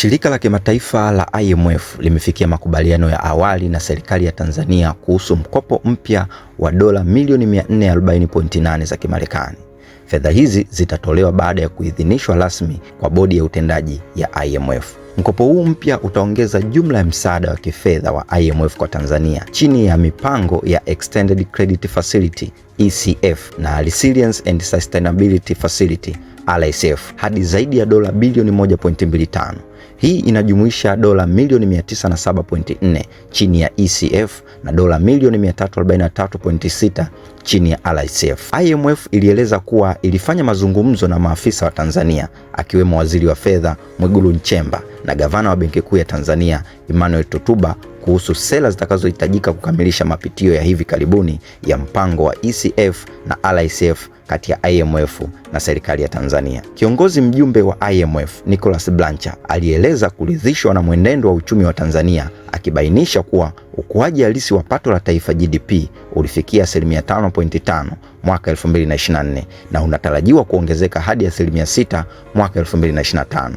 Shirika la kimataifa la IMF limefikia makubaliano ya awali na serikali ya Tanzania kuhusu mkopo mpya wa dola milioni 440.8 za Kimarekani. Fedha hizi zitatolewa baada ya kuidhinishwa rasmi kwa bodi ya utendaji ya IMF. Mkopo huu mpya utaongeza jumla ya msaada wa kifedha wa IMF kwa Tanzania chini ya mipango ya Extended Credit Facility ECF na Resilience and Sustainability Facility RSF hadi zaidi ya dola bilioni 1.25. Hii inajumuisha dola milioni 907.4 chini ya ECF na dola milioni 343.6 chini ya RSF. IMF ilieleza kuwa ilifanya mazungumzo na maafisa wa Tanzania akiwemo Waziri wa Fedha Mwigulu Nchemba na gavana wa Benki Kuu ya Tanzania Emmanuel Tutuba kuhusu sera zitakazohitajika kukamilisha mapitio ya hivi karibuni ya mpango wa ECF na RICF kati ya IMF na serikali ya Tanzania. Kiongozi mjumbe wa IMF Nicholas Blancha alieleza kuridhishwa na mwenendo wa uchumi wa Tanzania akibainisha kuwa ukuaji halisi wa pato la taifa GDP ulifikia asilimia 5.5 mwaka 2024 na unatarajiwa kuongezeka hadi asilimia 6 mwaka 2025.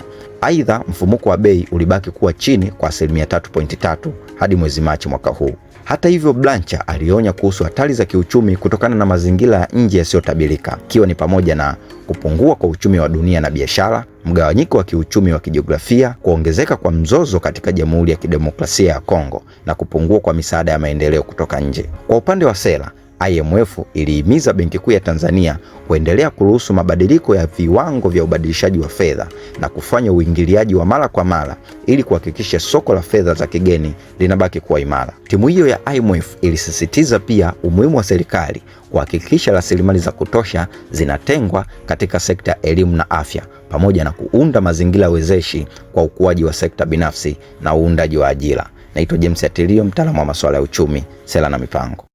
Aidha, mfumuko wa bei ulibaki kuwa chini kwa asilimia 3.3 hadi mwezi Machi mwaka huu. Hata hivyo, Blancha alionya kuhusu hatari za kiuchumi kutokana na mazingira ya nje yasiyotabirika, ikiwa ni pamoja na kupungua kwa uchumi wa dunia na biashara, mgawanyiko wa kiuchumi wa kijiografia, kuongezeka kwa mzozo katika Jamhuri ya Kidemokrasia ya Kongo na kupungua kwa misaada ya maendeleo kutoka nje. Kwa upande wa sera IMF ilihimiza Benki Kuu ya Tanzania kuendelea kuruhusu mabadiliko ya viwango vya ubadilishaji wa fedha na kufanya uingiliaji wa mara kwa mara ili kuhakikisha soko la fedha za kigeni linabaki kuwa imara. Timu hiyo ya IMF ilisisitiza pia umuhimu wa serikali kuhakikisha rasilimali za kutosha zinatengwa katika sekta ya elimu na afya pamoja na kuunda mazingira wezeshi kwa ukuaji wa sekta binafsi na uundaji wa ajira. Naitwa James Atilio, mtaalamu wa masuala ya uchumi, sera na mipango.